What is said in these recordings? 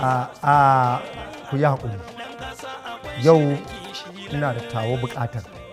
a ku yi haƙuri yau ina da tawo buƙatar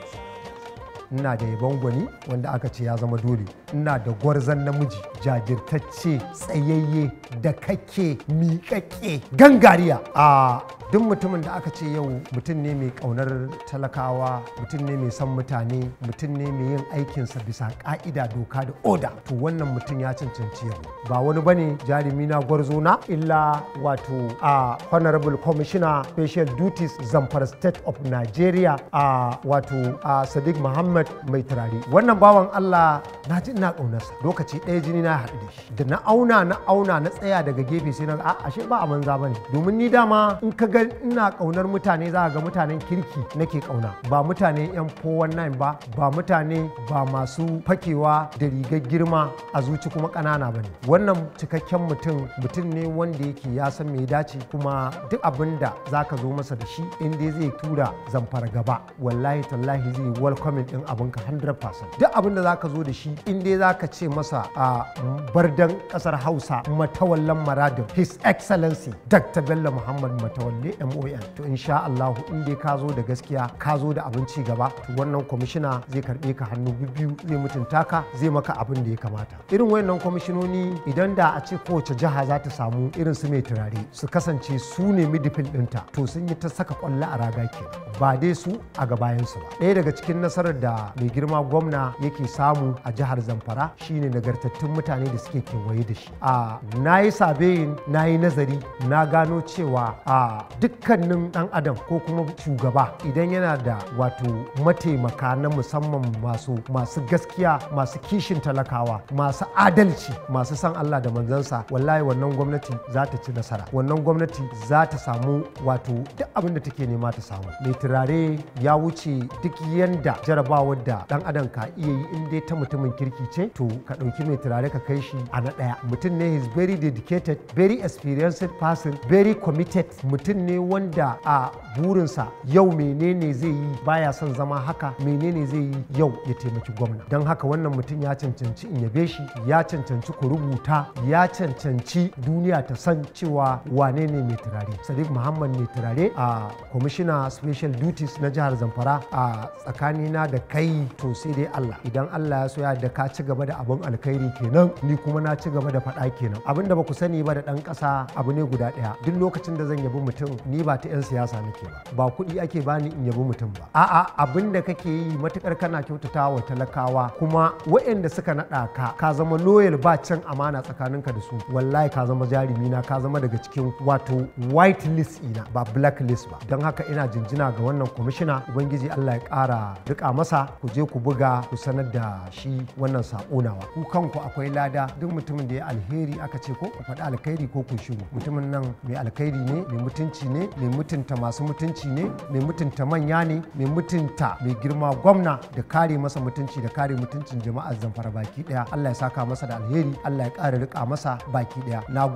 ina da yabon gwani wanda aka ce ya zama dole ina da gwarzon namiji jajirtacce tsayayye da kake miƙaƙe gangariya a duk mutumin da aka ce yau mutum ne mai ƙaunar talakawa mutum ne mai son mutane mutum ne mai yin aikinsa bisa ƙa'ida doka da oda to wannan mutum ya cancanci yau ba wani bane jarumi na gwarzo na illa wato a honorable commissioner special duties zamfara state of nigeria a wato a sadiq muhammad Muhammad mai turare wannan bawan Allah na ji ina ƙaunarsa lokaci ɗaya jini na haɗu da shi da na auna na auna na tsaya daga gefe sai na a ashe ba a banza bane domin ni dama in ka ga ina ƙaunar mutane za ga mutanen kirki nake ƙauna ba mutane yan 419 ba ba mutane ba masu fakewa da rigar girma a zuci kuma ƙanana bane wannan cikakken mutum mutum ne wanda yake ya san me dace kuma duk abin da za ka zo masa da shi in dai zai tura zamfara gaba wallahi tallahi zai welcoming din abinka 100% duk abin da za ka zo da shi in dai za ka ce masa a bardan kasar hausa matawallan maradin his excellency dr bello muhammad matawalle mon to insha allahu in dai ka zo da gaskiya ka zo da abin ci gaba to wannan kwamishina zai karbe ka hannu biyu zai mutunta ka zai maka abin da ya kamata irin wayannan kwamishinoni idan da a ce kowace jiha za ta samu irin su mai turare su kasance su ne midifil ɗinta to sun yi ta saka kwallo a raga ke ba dai su a ga gabayansu ba ɗaya daga cikin nasarar da mai girma gwamna yake samu a jihar zamfara shine nagartattun mutane da suke kewaye da shi a na yi sabeyin na yi nazari na gano cewa a dukkanin dan adam ko kuma shugaba idan yana da wato mataimaka na musamman masu masu gaskiya masu kishin talakawa masu adalci masu san Allah da manzansa wallahi wannan gwamnati za ta ci nasara wannan gwamnati za ta samu wato duk abin da take nema ta samu mai turare ya wuce duk yanda jarabawar da dan adam ka iya yi in dai ta mutumin wannan kirki ce to ka ɗauki mai turare ka kai shi a na ɗaya mutum ne is very dedicated very experienced person very committed mutum ne wanda a burinsa yau menene zai yi baya son zama haka menene zai yi yau ya taimaki gwamna don haka wannan mutum ya cancanci in yabe shi ya cancanci ku rubuta ya cancanci duniya ta san cewa wane ne mai turare sadiq muhammad mai turare a commissioner special duties na jihar zamfara a tsakanina da kai to sai dai allah idan allah ya so ya da ka ci gaba da abin alkhairi kenan ni kuma na ci gaba da faɗa kenan abin da ba ku sani ba da ɗan ƙasa abu ne guda ɗaya duk lokacin da zan yabi mutum ni ba ta 'yan siyasa nake ba ba kuɗi ake bani in yabi mutum ba a'a abin da kake yi matukar kana kyautata wa talakawa kuma waɗanda suka naɗa ka ka zama loyal ba can amana tsakaninka da su wallahi ka zama jarumi na ka zama daga cikin wato white list ina ba black list ba don haka ina jinjina ga wannan kwamishina ubangiji Allah ya ƙara rika masa ku je ku buga ku sanar da shi wannan saƙo ku kanku akwai lada duk mutumin da ya alheri aka ce ko ku faɗi alkhairi ko ku shigo mutumin nan mai alkhairi ne mai mutunci ne mai mutunta masu mutunci ne mai mutunta manya ne mai mutunta mai girma gwamna da kare masa mutunci da kare mutuncin jama'a zamfara baki daya Allah ya saka masa da alheri Allah ya ƙara rika masa baki daya na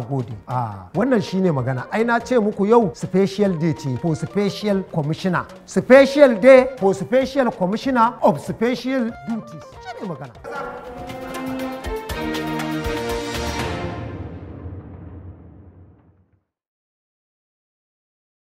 gode a wannan shine magana ai na ce muku yau special day ce ko special commissioner special day ko special commissioner of special duties ねんから